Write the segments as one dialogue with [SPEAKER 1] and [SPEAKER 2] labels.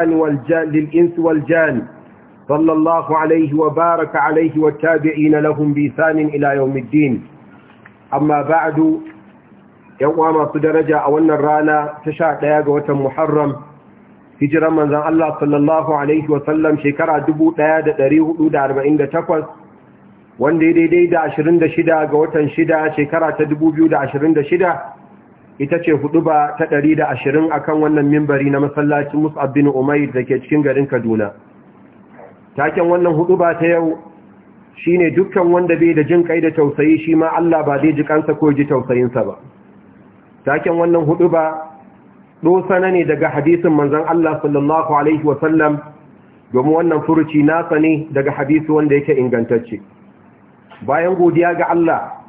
[SPEAKER 1] والجان للإنس والجان صلى الله عليه وبارك عليه والتابعين لهم بإثان إلى يوم الدين أما بعد يوم درجة أولنا الرانا تشاء لياغ وتمحرم hijirar manzan Allah sallallahu Alaihi wasallam shekara 1448 wanda ya daidai da 26 ga watan 6 shekara ta 2026 ita ce hudu ba ta ɗari da ashirin a kan wannan mimbari na masallacin mus'ab bin umair da ke cikin garin kaduna taken wannan hudu ba ta yau shi ne dukkan wanda bai da jin kai da tausayi shi ma allah ba zai ji kansa ko ji tausayinsa ba taken wannan hudu ba ɗosana ne daga hadisin manzan allah sallallahu alaihi wasallam domin wannan furuci nasa ne daga hadisi wanda yake ingantacce bayan godiya ga allah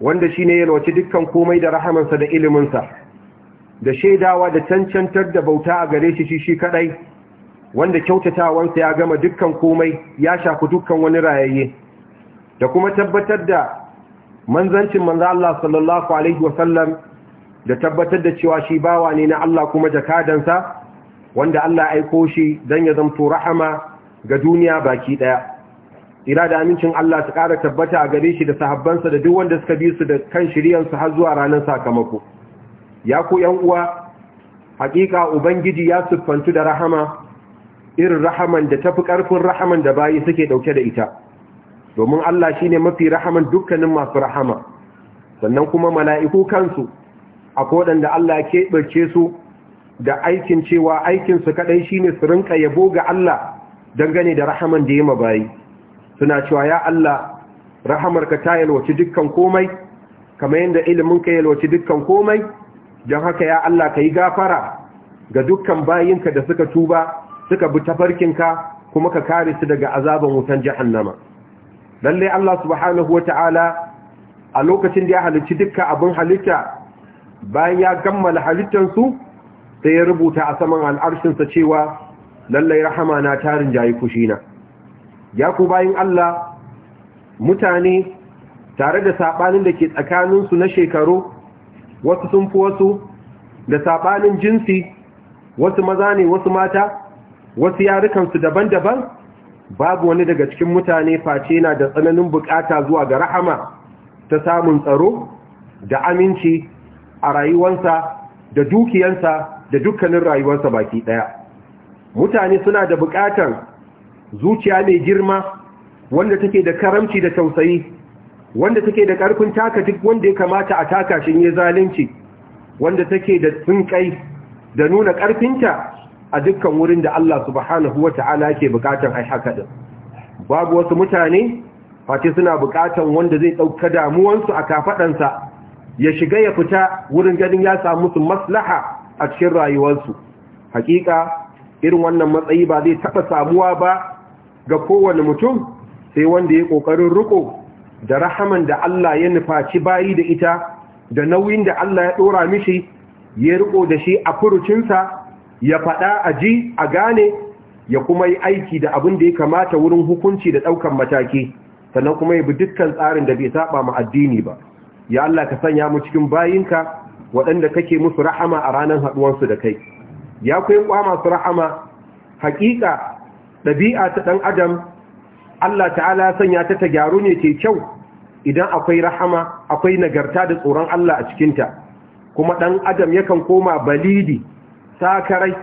[SPEAKER 1] wanda shi ne yalwaci dukkan komai da rahamansa da iliminsa da shaidawa da cancantar da bauta a gare shi shi shi kadai wanda kyautatawansa ya gama dukkan komai ya shafi dukkan wani rayayye da kuma tabbatar da manzancin manza Allah sallallahu alaihi wasallam da tabbatar da cewa shi bawa ne na Allah kuma jakadansa wanda Allah aiko shi don ya zamto rahama ga duniya baki ɗaya. ira da amincin Allah su ƙara tabbata a gare shi da sahabbansa da duk wanda suka bi su da kan shiryansu har zuwa ranar sakamako ya ku yan uwa hakika ubangiji ya siffantu da rahama irin rahaman da tafi ƙarfin rahaman da bayi suke ɗauke da ita domin Allah shine mafi rahaman dukkanin masu rahama sannan kuma mala'iku kansu akwai waɗanda Allah ke ɓarce su da aikin cewa aikinsu kaɗai shine su rinka yabo ga Allah dangane da rahaman da ya bayi suna cewa ya Allah rahamarka ta yalwaci dukkan komai kamar yadda ilimin ka yalwaci dukkan komai don haka ya Allah ka yi gafara ga dukkan bayinka da suka tuba suka bi tafarkinka kuma ka kare su daga azaban wutan jahannama lalle Allah subhanahu ta'ala a lokacin da ya halicci duka abin halitta bayan ya gammala su sai ya rubuta a saman al'arshinsa cewa lallai rahama na tarin jayi kushina ya ku bayin Allah mutane tare da saɓanin da ke tsakaninsu na shekaru wasu sun fi wasu da saɓanin jinsi wasu maza ne wasu mata wasu yarukansu daban-daban babu wani daga cikin mutane face na da tsananin bukata zuwa ga rahama ta samun tsaro da aminci a rayuwansa da dukiyansa da dukkanin rayuwarsa baki ɗaya. mutane suna da bukatan zuciya mai girma wanda take da karamci da tausayi wanda take da ƙarfin taka duk wanda ya kamata a taka shi ne zalunci wanda take da tsinkai da nuna ƙarfinta a dukkan wurin da Allah subhanahu wata'ala ke bukatan ai haka din babu wasu mutane fati suna bukatan wanda zai ɗauka damuwansu a sa ya shiga ya fita wurin ganin ya samu musu maslaha a cikin rayuwarsu Haƙiƙa irin wannan matsayi ba zai taba samuwa ba ga kowane mutum sai wanda ya ƙoƙarin riko da rahaman da Allah ya nufaci bayi da ita da nauyin da Allah ya ɗora mishi ya riko da shi a furucinsa ya faɗa a ji a gane ya kuma yi aiki da abin da ya kamata wurin hukunci da ɗaukan mataki sannan kuma ya bi dukkan tsarin da bai saba ma addini ba ya Allah ka sanya mu cikin bayinka waɗanda kake musu rahama a ranar haɗuwarsu da kai ya kai kwa masu rahama hakika ɗabi'a ta ɗan adam Allah ta'ala sanya ta ta gyaru ne ke kyau idan akwai rahama akwai nagarta da tsoron Allah a cikinta kuma ɗan adam yakan koma balidi sakarai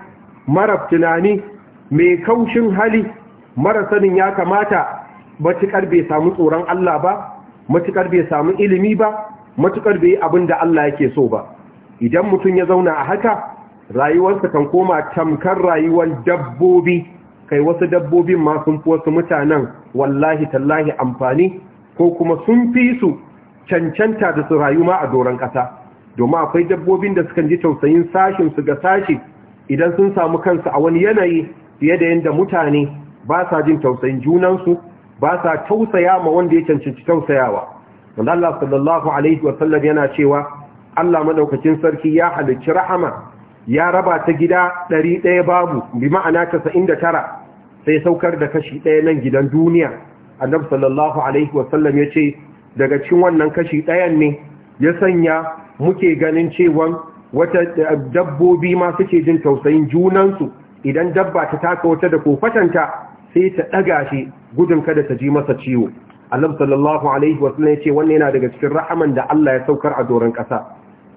[SPEAKER 1] maraf, tunani mai kaushin hali mara sanin ya kamata matuƙar bai samu tsoron Allah ba matuƙar bai samu ilimi ba matuƙar bai abin da Allah yake so ba idan mutum ya zauna a haka rayuwarsa kan koma tamkar rayuwar dabbobi kai wasu dabbobin ma sun fi wasu mutanen wallahi tallahi amfani ko kuma sun fi su cancanta da su rayu ma a doron ƙasa domin akwai dabbobin da sukan ji tausayin sashin su ga sashi idan sun samu kansu a wani yanayi fiye da yadda mutane ba sa jin tausayin junansu ba sa tausaya ma wanda ya cancanci tausayawa wanda Allah sallallahu alaihi wa yana cewa Allah madaukakin sarki ya halicci rahama ya raba ta gida ɗari ɗaya babu bi ma'ana da tara. sai saukar da kashi ɗaya nan gidan duniya annabi sallallahu alaihi wasallam ya ce daga cikin wannan kashi ɗayan ne ya sanya muke ganin cewa wata dabbobi ma suke jin tausayin junansu idan dabba ta taka wata da kofatanta sai ta ɗaga shi gudun kada ta ji masa ciwo annabi sallallahu alaihi wasallam ya ce wannan yana daga cikin rahaman da Allah ya saukar a doron ƙasa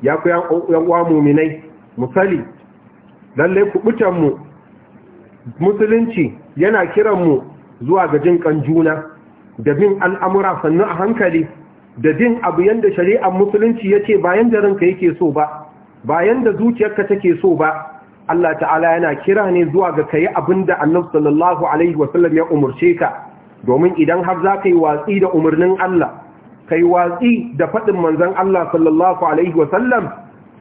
[SPEAKER 1] ya ku yan uwa muminai misali lalle ku mu musulunci yana kiran mu zuwa ga jin kan juna da bin al'amura sannu a hankali da bin abu yanda shari'ar musulunci yace ce bayan da ranka yake so ba bayan da zuciyarka take so ba Allah ta'ala yana kira ne zuwa ga kayi abin da annabi sallallahu alaihi wasallam ya umarce ka domin idan har za ka yi watsi da umarnin Allah kai watsi da faɗin manzon Allah sallallahu alaihi wasallam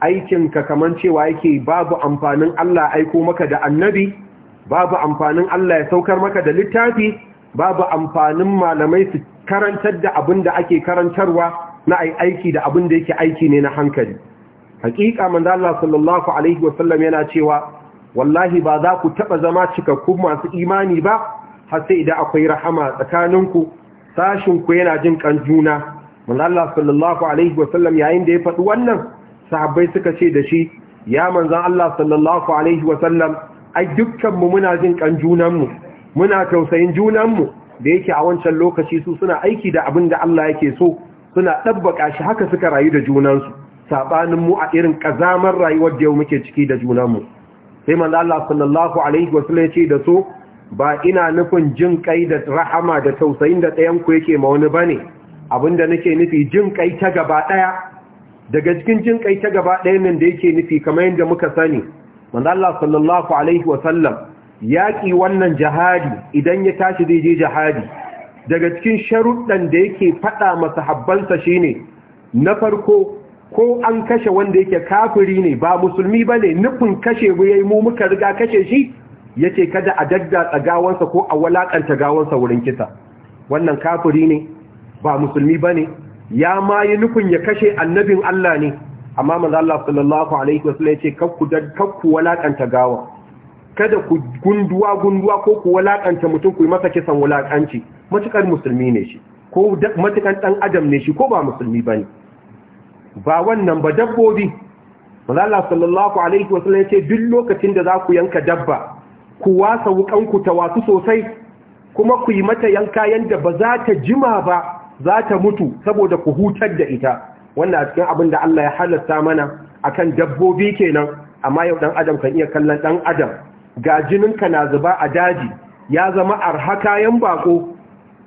[SPEAKER 1] aikinka kaman cewa yake babu amfanin Allah aiko maka da annabi babu amfanin Allah ya saukar maka da littafi babu amfanin malamai su karantar da abin da ake karantarwa na aiki da abin da yake aiki ne na hankali hakika manzo Allah sallallahu alaihi wasallam yana cewa wallahi ba za ku taba zama cikakkun masu imani ba har sai idan akwai rahama tsakaninku sashin ku yana jin kan juna manzo Allah sallallahu alaihi wasallam yayin da ya faɗi wannan sahabbai suka ce da shi ya manzo Allah sallallahu alaihi wasallam ai dukkanmu muna jin kan junanmu muna tausayin junanmu da yake a wancan lokaci su suna aiki da abin da Allah yake so suna ɗabbaka shi haka suka rayu da junansu saɓanin mu a irin kazamar rayuwar da yau muke ciki da junanmu sai manzo Allah sallallahu alaihi wasallam ya ce da so ba ina nufin jin kai da rahama da tausayin da ɗayan ku yake ma wani bane abinda nake nufi jin kai ta gaba ɗaya daga cikin jin kai ta gaba ɗaya nan da yake nufi kamar yadda muka sani wanda Allah sallallahu alaihi wa sallam ƙi wannan jihadi idan ya tashi zai je jihadi daga cikin sharuɗan da yake faɗa masa habbansa ne. na farko ko an kashe wanda yake kafiri ne ba musulmi bane nufin kashe mu mu muka riga kashe shi Ya ce kada a daddatsa gawansa ko a walaƙanta gawansa wurin kisa wannan kafiri ne ba musulmi ba ne. ya ma yi nufin ya kashe annabin Allah ne amma manzo Allah sallallahu alaihi wasallam yace kakku kakku walakanta gawa kada ku gunduwa gunduwa ko ku walakanta mutum ku yi masa kisan walakanci matukar musulmi ne shi ko matukan dan adam ne shi ko ba musulmi bane ba wannan ba dabbobi manzo Allah sallallahu alaihi wasallam yace duk lokacin da za ku yanka dabba ku wasa wukan ku ta wasu sosai kuma ku yi mata yanka yanda ba za ta jima ba za ta mutu saboda ku hutar da ita wannan a cikin abin da Allah ya halatta mana a kan dabbobi kenan amma yau ɗan adam kan iya kallon ɗan adam ga jininka na zuba a daji ya zama arha kayan bako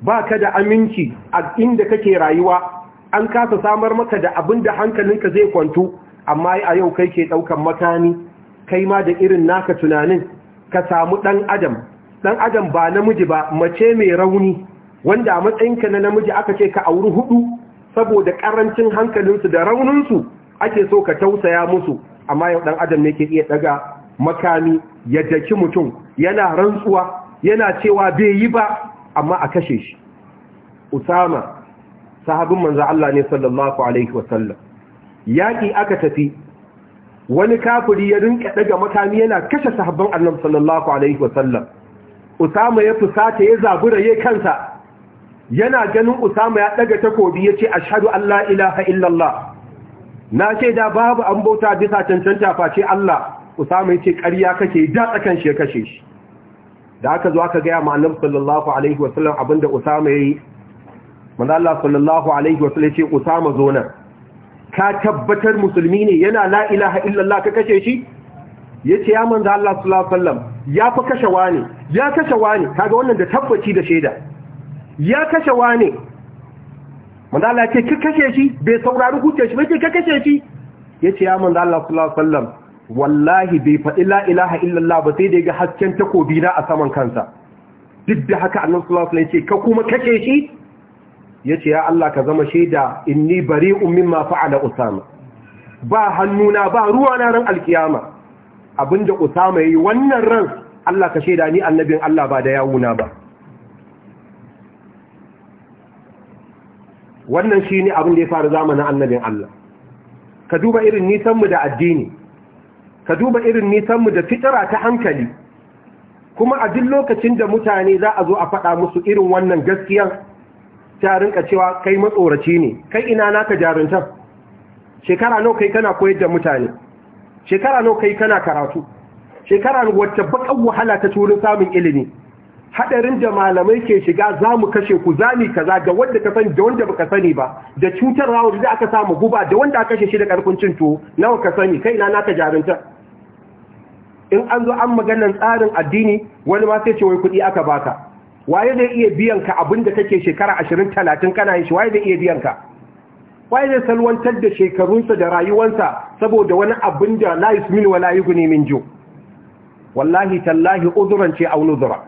[SPEAKER 1] baka da aminci a inda kake rayuwa an kasa samar maka da abin da hankalinka zai kwantu amma a yau kai ke daukan makani kai ma da irin naka tunanin ka samu ɗan adam Ɗan adam ba namiji ba mace mai rauni wanda a matsayinka na namiji aka ce ka auri hudu saboda ƙarancin hankalinsu da rauninsu ake so ka tausaya musu amma yau ɗan adam ne ke iya ɗaga makami ya daki mutum yana rantsuwa yana cewa bai yi ba amma a kashe shi usama sahabin manzo Allah ne sallallahu alaihi wasallam yaki aka tafi wani kafiri ya rinka daga makami yana kashe sahabban annabi sallallahu alaihi wasallam usama ya fusata ya zabura yayin kansa yana ganin Usama ya daga takobi yace ashhadu an la ilaha illallah na ce da babu an bauta bisa cancanta face Allah Usama yace ƙarya kake da tsakan shi kashe shi da aka zo aka gaya ma'anar sallallahu alaihi wasallam abinda Usama yayi manzo Allah sallallahu alaihi wasallam yace Usama zo nan ka tabbatar musulmi ne yana la ilaha illallah ka kashe shi yace ya manzo Allah sallallahu alaihi wasallam ya fa kashe wani ya kashe wani kaga wannan da tabbaci da shaida ya kashe wane manzo ce ka kashe shi bai saurari hujjar shi ba ki kashe shi yace ya manzo sallallahu Sallam, wallahi bai faɗi la ilaha illallah ba sai da ga hasken takobi na a saman kansa duk da haka annabi sallallahu alaihi ce ka kuma kashe shi ce ya Allah ka zama shaida inni bari bari'un mimma fa'ala usama ba hannuna ba ruwa na ran alkiyama abinda usama yayi wannan ran Allah ka shaida ni annabin Allah ba da yawuna ba wannan shi ne abin da ya faru zamanin annabin Allah ka duba irin nisanmu da addini ka duba irin nisanmu da fitara ta hankali kuma a duk lokacin da mutane za a zo a faɗa musu irin wannan gaskiyar ta rinka cewa kai matsoraci ne kai ina naka jaruntar shekara nau kai kana koyar da mutane shekara nau kai kana karatu shekara wacce baƙar wahala ta turin samun ilimi hadarin da malamai ke shiga za mu kashe ku zami kaza ga wanda ka sani da wanda baka sani ba da cutar rawar da aka samu guba da wanda aka kashe shi da karfin cin tuwo nawa ka sani kai na naka jarinta in an zo an maganar tsarin addini wani ma sai ce wai kuɗi aka baka waye zai iya biyan ka abin da kake shekara ashirin talatin kana yin shi waye zai iya biyan ka waye zai salwantar da shekarunsa da rayuwansa, saboda wani abin da la yusmin wa la yughni min ju wallahi tallahi uzuran ce wani nuzura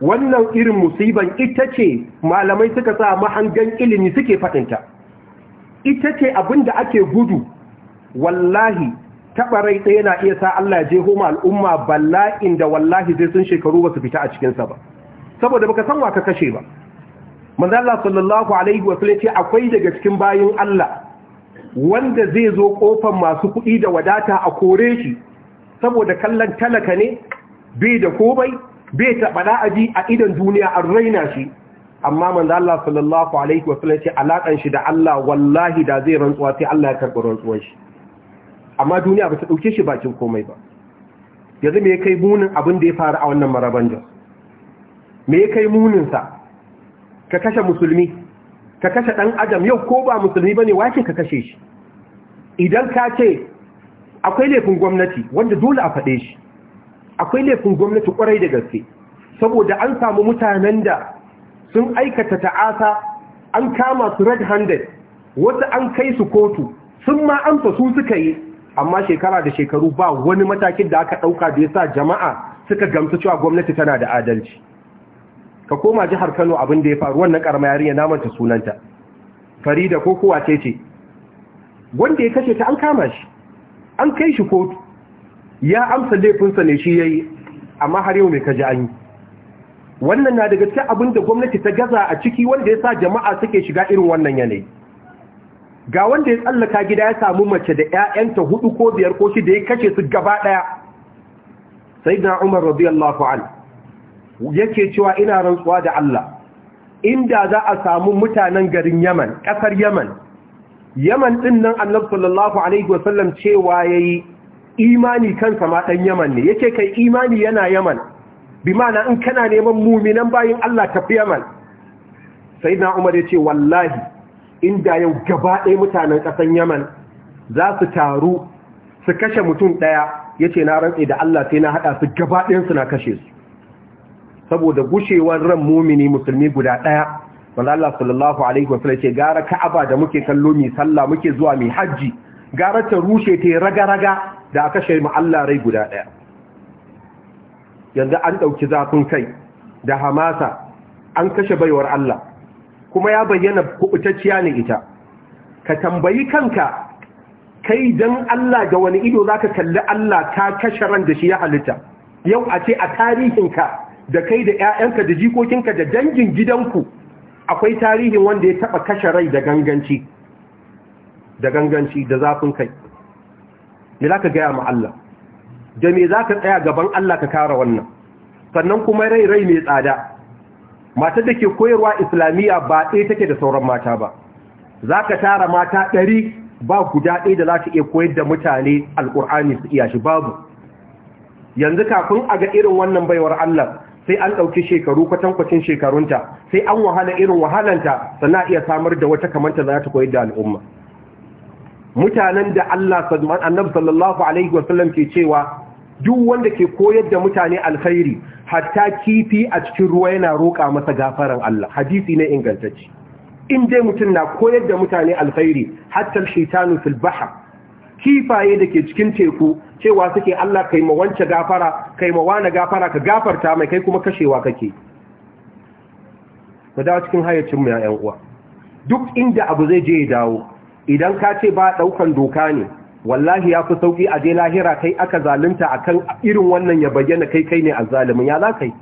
[SPEAKER 1] wannan irin musiban ita ce malamai suka sa mahangan ilimi suke faɗinta ita ce abin da ake gudu wallahi taɓarai ɗaya na iya sa Allah ya je homa al'umma bala'in da wallahi zai sun shekaru ba su fita a cikinsa ba saboda baka san wa ka kashe ba manzala sallallahu alaihi wasu ce akwai daga cikin bayan Allah wanda zai zo ƙofan masu kuɗi da wadata a kore shi saboda kallon talaka ne bai da komai bai taɓa da'aji a idan duniya an raina shi amma manzo Allah sallallahu alaihi wasallam ce alakan shi da Allah wallahi da zai rantsuwa sai Allah ya karɓi rantsuwar shi amma duniya ba ta dauke shi bakin komai ba yanzu me kai munin abin da ya faru a wannan maraban me kai munin sa ka kashe musulmi ka kashe dan adam yau ko ba musulmi bane wace ka kashe shi idan ka ce akwai laifin gwamnati wanda dole a faɗe shi akwai laifin gwamnati kwarai da gaske saboda an samu mutanen da sun aikata ta'asa an kama su red handed wasu an kai su kotu sun ma an su suka yi amma shekara da shekaru ba wani matakin da aka ɗauka da ya sa jama'a suka gamsu cewa gwamnati tana da adalci ka koma jihar kano abin da ya faru wannan karama yarinya namanta sunanta farida ko kowa ce ce wanda ya kashe ta an kama shi an kai shi kotu ya amsa laifinsa ne shi ya yi, amma har yau mai kaji an yi wannan na daga cikin abin da gwamnati ta gaza a ciki wanda ya sa jama'a suke shiga irin wannan yanayi ga wanda ya tsallaka gida ya samu mace da 'ya'yanta hudu ko biyar ko shi da ya kashe su gaba ɗaya da Umar radiyallahu anhu yake cewa ina rantsuwa da Allah inda za a samu mutanen garin Yaman ƙasar Yaman Yaman ɗin nan Annabi sallallahu alaihi wasallam cewa yayi imani kansa ma ɗan yaman ne yace kai imani yana yaman bi mana in kana neman muminan bayin Allah tafi yaman sai na umar ya ce wallahi inda yau gaba ɗaya mutanen ƙasan yaman za su taru su kashe mutum ɗaya ya ce na rantse da Allah sai na haɗa su gaba ɗayansu na kashe su saboda gushewar ran mumini musulmi guda ɗaya wanda Allah sallallahu alaihi wasallam ce gara ka'aba da muke kallo mai sallah muke zuwa mai hajji gara ta rushe ta raga raga da aka kashe ma'alla rai guda ɗaya yanzu an ɗauki zafin kai da hamasa an kashe baiwar Allah kuma ya bayyana kubutacciya ne ita ka tambayi kanka kai don Allah da wani ido za ka kalli Allah ta kashe ran da shi ya halitta yau a ce a tarihinka da kai da 'ya'yanka da jikokinka da dangin gidanku akwai tarihin wanda ya taɓa kashe rai da ganganci da zafin kai me zaka ka gaya ma Allah da me zaka tsaya gaban Allah ka kara wannan sannan kuma rai rai mai tsada matar da ke koyarwa islamiyya ba ɗaya take da sauran mata ba zaka tara mata ɗari ba guda ɗaya da za iya koyar da mutane alƙur'ani su iya shi babu yanzu kafin a ga irin wannan baiwar Allah sai an ɗauki shekaru kwatankwacin shekarunta sai an wahala irin wahalanta sannan iya samar da wata kamanta za ta koyar da al'umma mutanen da Allah annabi sallallahu alaihi wasallam ke cewa duk wanda ke koyar da mutane alkhairi hatta kifi a cikin ruwa yana roƙa masa gafaran Allah hadisi ne ingantacce in dai mutum na koyar da mutane alkhairi hatta shaitanu fil kifaye da ke cikin teku cewa suke Allah kai ma wance gafara kai ma wani gafara ka gafarta mai kai kuma kashewa kake Ku dawo cikin hayyacin mu ya uwa duk inda abu zai je ya dawo idan ka ce ba ɗaukan doka ne wallahi ya fi sauƙi a je lahira kai aka zalunta a kan irin wannan ya bayyana kai kai ne a zalimin ya za kai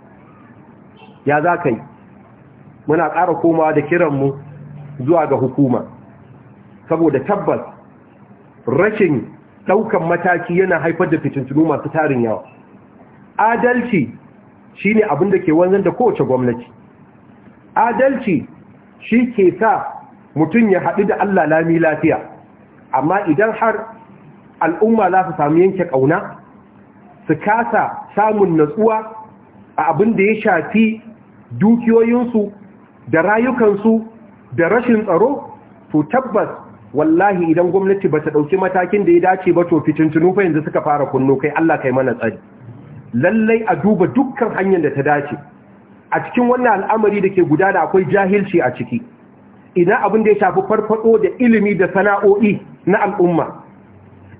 [SPEAKER 1] ya za kai muna ƙara komawa da kiranmu zuwa ga hukuma saboda tabbas rashin ɗaukan mataki yana haifar da fitintunu masu tarin yawa adalci shine abin da ke wanzan da kowace gwamnati adalci shi ke sa mutum ya haɗu da Allah lami lafiya amma idan har al'umma za su samu yanke ƙauna su kasa samun natsuwa a abin da ya shafi dukiyoyinsu da rayukansu da rashin tsaro to tabbas wallahi idan gwamnati ba ta ɗauki matakin da ya dace ba to fitintunu fa yanzu suka fara kunno kai Allah kai mana tsari lallai a duba dukkan hanyar da ta dace a cikin wannan al'amari da ke gudana akwai jahilci a ciki ina abin da ya shafi farfado da ilimi da sana'o'i na al'umma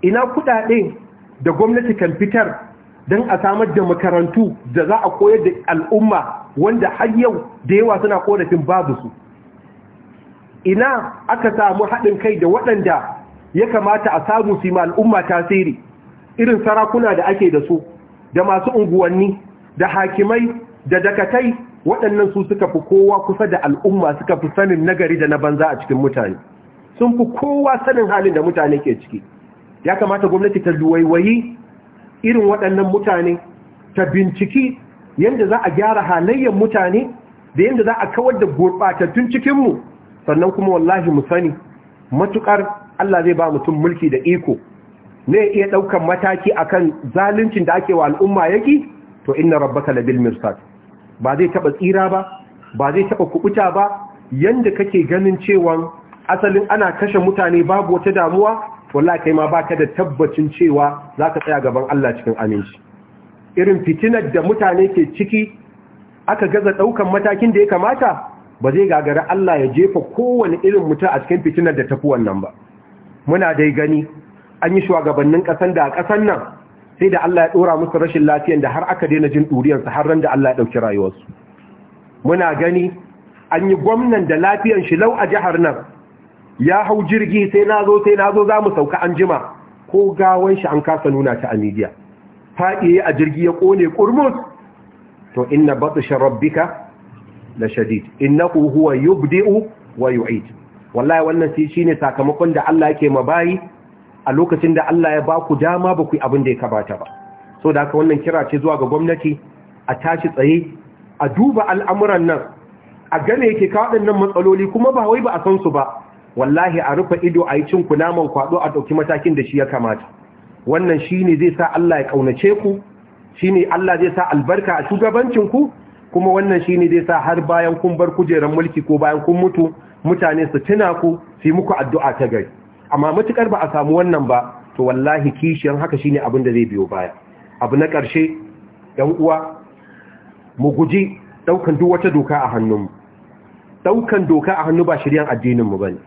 [SPEAKER 1] ina kuɗaɗe da gwamnati kan fitar don a samar da makarantu da za a koyar da al'umma wanda har yau da yawa suna korafin babu su ina aka samu haɗin kai da waɗanda ya kamata a samu su ma al'umma tasiri irin sarakuna da ake da su da masu unguwanni da hakimai da dakatai waɗannan su suka fi kowa kusa da al'umma suka fi sanin nagari da na banza a cikin mutane sun fi kowa sanin halin da mutane ke ciki ya kamata gwamnati ta duwaiwayi irin waɗannan mutane ta binciki yadda za a gyara halayyar mutane da yadda za a kawar da gurɓatattun cikinmu sannan kuma wallahi mu sani matuƙar Allah zai ba mutum mulki da iko ne iya ɗaukar mataki akan zaluncin da ake wa al'umma yaki to inna rabbaka labil mirsad ba zai taba tsira ba ba zai taba kubuta ba yanda kake ganin cewa asalin ana kashe mutane babu wata damuwa wallahi kai ma baka da tabbacin cewa zaka tsaya gaban Allah cikin aminci irin fitinar da mutane ke ciki aka gaza daukan matakin da ya kamata ba zai gagara Allah ya jefa kowane irin mutum a cikin fitinar da tafi wannan ba muna dai gani an yi shugabannin kasan da a ƙasan nan sai da Allah ya dora musu rashin lafiyan da har aka daina jin duriyarsu har ran da Allah ya dauki rayuwarsu muna gani an yi gwamnan da lafiyan shi lau a jihar nan ya hau jirgi sai nazo sai nazo zamu sauka an jima ko gawan shi an kasa nuna ta a media yi a jirgi ya kone kurmus to inna batsha rabbika la shadid innahu huwa yubdi'u wa yu'id wallahi wannan shi shine sakamakon da Allah yake mabayi a lokacin da Allah ya ba ku dama ba ku yi abin da ya kabata ba so da haka wannan kira ce zuwa ga gwamnati a tashi tsaye a duba al'amuran nan a gane yake kawo nan matsaloli kuma ba wai ba a san su ba wallahi a rufe ido a yi cin naman kwaɗo a ɗauki matakin da shi ya kamata wannan shi ne zai sa Allah ya ƙaunace ku shi ne Allah zai sa albarka a shugabancinku kuma wannan shi ne zai sa har bayan kun bar kujerar mulki ko bayan kun mutu mutane su tuna ku su muku addu'a ta gari amma matukar ba a samu wannan ba to wallahi kishiyar haka shine abin da zai biyo baya abu na ƙarshe ɗan uwa mu guji ɗaukan duk wata doka a hannunmu ɗaukan doka a hannu ba shiryan addininmu ba ne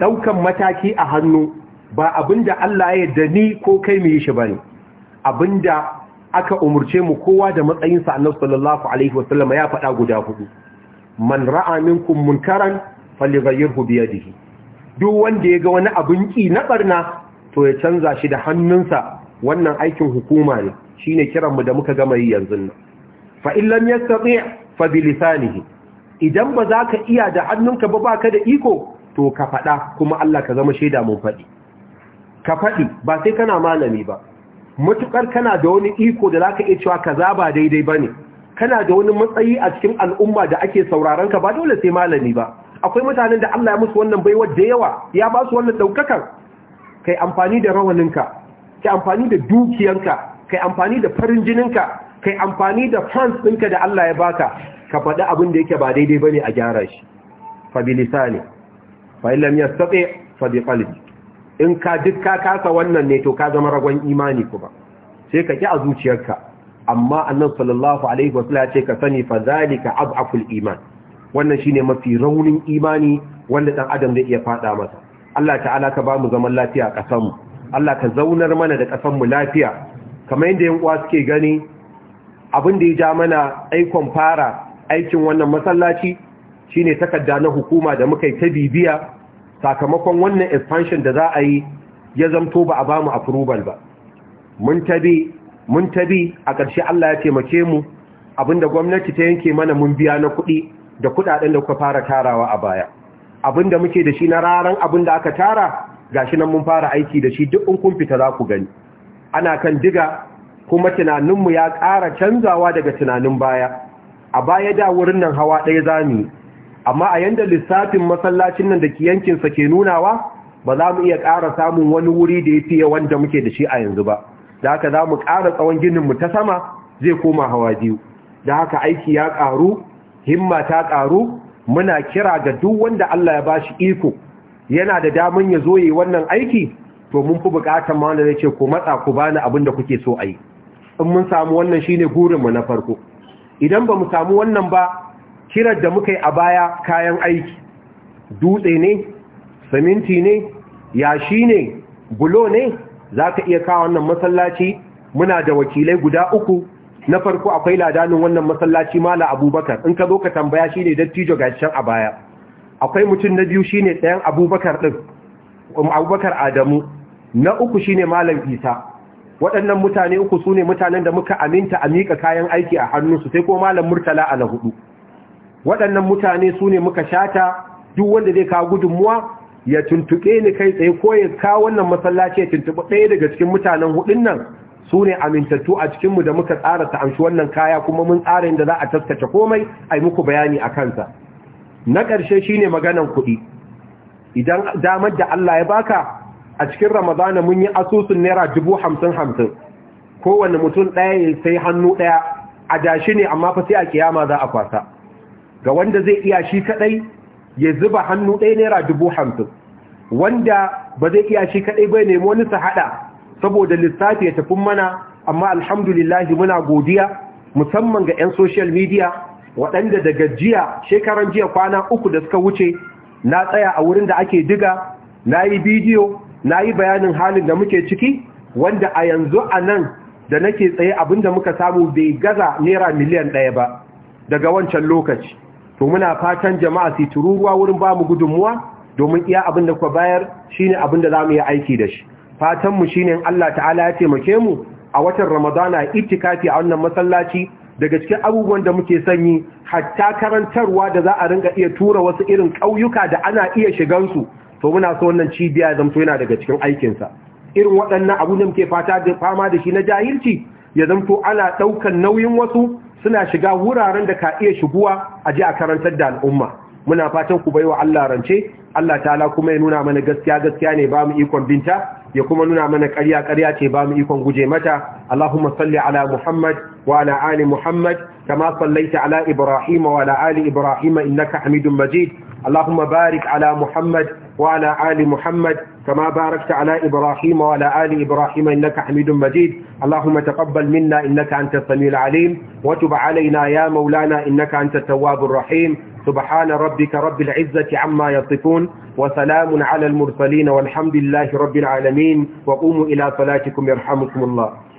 [SPEAKER 1] ɗaukan mataki a hannu ba abin da Allah ya yarda ni ko kai mu yi shi ba ne abin da aka umarce mu kowa da matsayinsa annabi sallallahu ya faɗa guda hudu man ra'a minkum munkaran falyughayyirhu bi yadihi duk wanda ya ga wani abin ƙi na ɓarna to ya canza shi da hannunsa wannan aikin hukuma ne shine kiran mu da muka gama yi yanzu nan Fa'illan ya lam fa idan ba za ka iya da hannunka ba ba ka da iko to ka faɗa kuma Allah ka zama shaida mun faɗi ka faɗi ba sai kana malami ba Matuƙar kana da wani iko da zaka iya cewa ka za ba daidai ba ne. kana da wani matsayi a cikin al'umma da ake sauraron ka ba dole sai malami ba akwai mutanen da Allah ya musu wannan baiwar da yawa ya ba su wannan daukakar kai amfani da rawaninka kai amfani da dukiyanka kai amfani da farin jininka kai amfani da fans ɗinka da Allah ya baka ka faɗi abin da yake ba daidai bane a gyara shi fa bi lisani fa illam yastati fa bi qalbi in ka duk ka kasa wannan ne to ka zama ragon imani kuma sai ka ki a zuciyarka amma annabi sallallahu alaihi wasallam ya ce ka sani fa zalika ab'aful iman wannan shine mafi raunin imani wanda ɗan adam zai iya fada masa Allah ta'ala ka bamu zaman lafiya a ƙasar mu Allah ka zaunar mana da ƙasar mu lafiya kamar yadda yan uwa suke gani abin da ya ja mana aikon fara aikin wannan masallaci shine takarda na hukuma da muka yi ta bibiya sakamakon wannan expansion da za a yi ya zamto ba a bamu approval ba mun tabi mun tabi a ƙarshe Allah ya taimake mu abinda gwamnati ta yanke mana mun biya na kuɗi da kudaden da kuka fara tarawa a baya abinda muke da shi na raran abinda aka tara gashi nan mun fara aiki da shi duk in kun fita za ku gani ana kan diga kuma tunaninmu ya ƙara canzawa daga tunanin baya a baya da wurin nan hawa ɗaya zami amma a yanda lissafin masallacin nan da ke yankinsa ke nunawa ba za mu iya ƙara samun wani wuri da ya fiye wanda muke da shi a yanzu ba da haka za mu ƙara tsawon gininmu ta sama zai koma hawa biyu da haka aiki ya ƙaru himma ta ƙaru muna kira ga duk wanda Allah ya bashi iko yana da daman ya zo yi wannan aiki to mun fi buƙatar ma wanda zai ce ku matsa ku bani abin da kuke so a in mun samu wannan shine gurin mu na farko idan ba mu samu wannan ba kirar da muka yi a baya kayan aiki dutse ne siminti ne yashi ne bulo ne za ka iya kawo wannan masallaci muna da wakilai guda uku na farko akwai ladanin wannan masallaci mala abubakar in ka zo ka tambaya shi ne dattijo shan a baya akwai mutum na biyu shi ne ɗayan abubakar ɗin um, abubakar adamu na uku shi ne malam isa waɗannan mutane uku su ne mutanen da muka aminta a miƙa kayan aiki a hannunsu sai ko malam murtala a na hudu waɗannan mutane su ne muka shata duk wanda zai kawo gudunmuwa ya tuntuɓe ni kai tsaye ko ya kawo wannan masallaci ya tuntuɓe ɗaya daga cikin mutanen hudun nan su ne amintattu a cikinmu da muka tsara ta amshi wannan kaya kuma mun tsara yadda za a taskace komai a muku bayani a kansa na ƙarshe shi ne maganan kuɗi idan damar da Allah ya baka a cikin ramadana mun yi asusun naira dubu hamsin hamsin kowane mutum ɗaya ya sai hannu ɗaya a dashi ne amma fa sai a kiyama za a kwasa ga wanda zai iya shi kaɗai ya zuba hannu ɗaya naira dubu hamsin wanda ba zai iya shi kaɗai bai nemo wani su haɗa saboda lissafi ya tafi mana amma alhamdulillahi muna godiya musamman ga 'yan social media waɗanda daga jiya shekaran jiya kwana uku da suka wuce na tsaya a wurin da ake diga na yi bidiyo na yi bayanin halin da muke ciki wanda a yanzu a nan da nake tsaye abin da muka samu bai gaza naira miliyan ɗaya ba daga wancan lokaci to muna fatan jama'a su tururuwa wurin ba mu gudunmuwa domin iya abin da kuka bayar shine abin da za mu yi aiki da shi fatanmu shi ne Allah ta'ala ya taimake mu a watan ramadana itikafi a wannan masallaci daga cikin abubuwan da muke sanyi hatta karantarwa da za a ringa iya tura wasu irin ƙauyuka da ana iya shigansu to muna so wannan cibiya zamto yana daga cikin aikinsa irin waɗannan abu da muke fata da fama da shi na jahilci ya zamto ana ɗaukan nauyin wasu suna shiga wuraren da ka iya shiguwa a je a karantar da al'umma muna fatan ku baiwa Allah rance Allah ta'ala kuma ya nuna mana gaskiya gaskiya ne ba mu ikon binta ya kuma nuna mana ƙarya ƙarya ke bamu ikon guje mata Allahumma salli ala Muhammad wa ala ali Muhammad kama sallaita ala Ibrahim wa ala ali Ibrahim innaka Hamidum Majid Allahumma barik ala Muhammad wa ala ali Muhammad kama barakta ala Ibrahim wa ala ali Ibrahim innaka Hamidum Majid Allahumma taqabbal minna innaka antas-samiul alim watu ba alaina ya maulana innaka antat-tawwabur rahim سبحان ربك رب العزة عما يصفون وسلام على المرسلين والحمد لله رب العالمين وقوموا إلى صلاتكم يرحمكم الله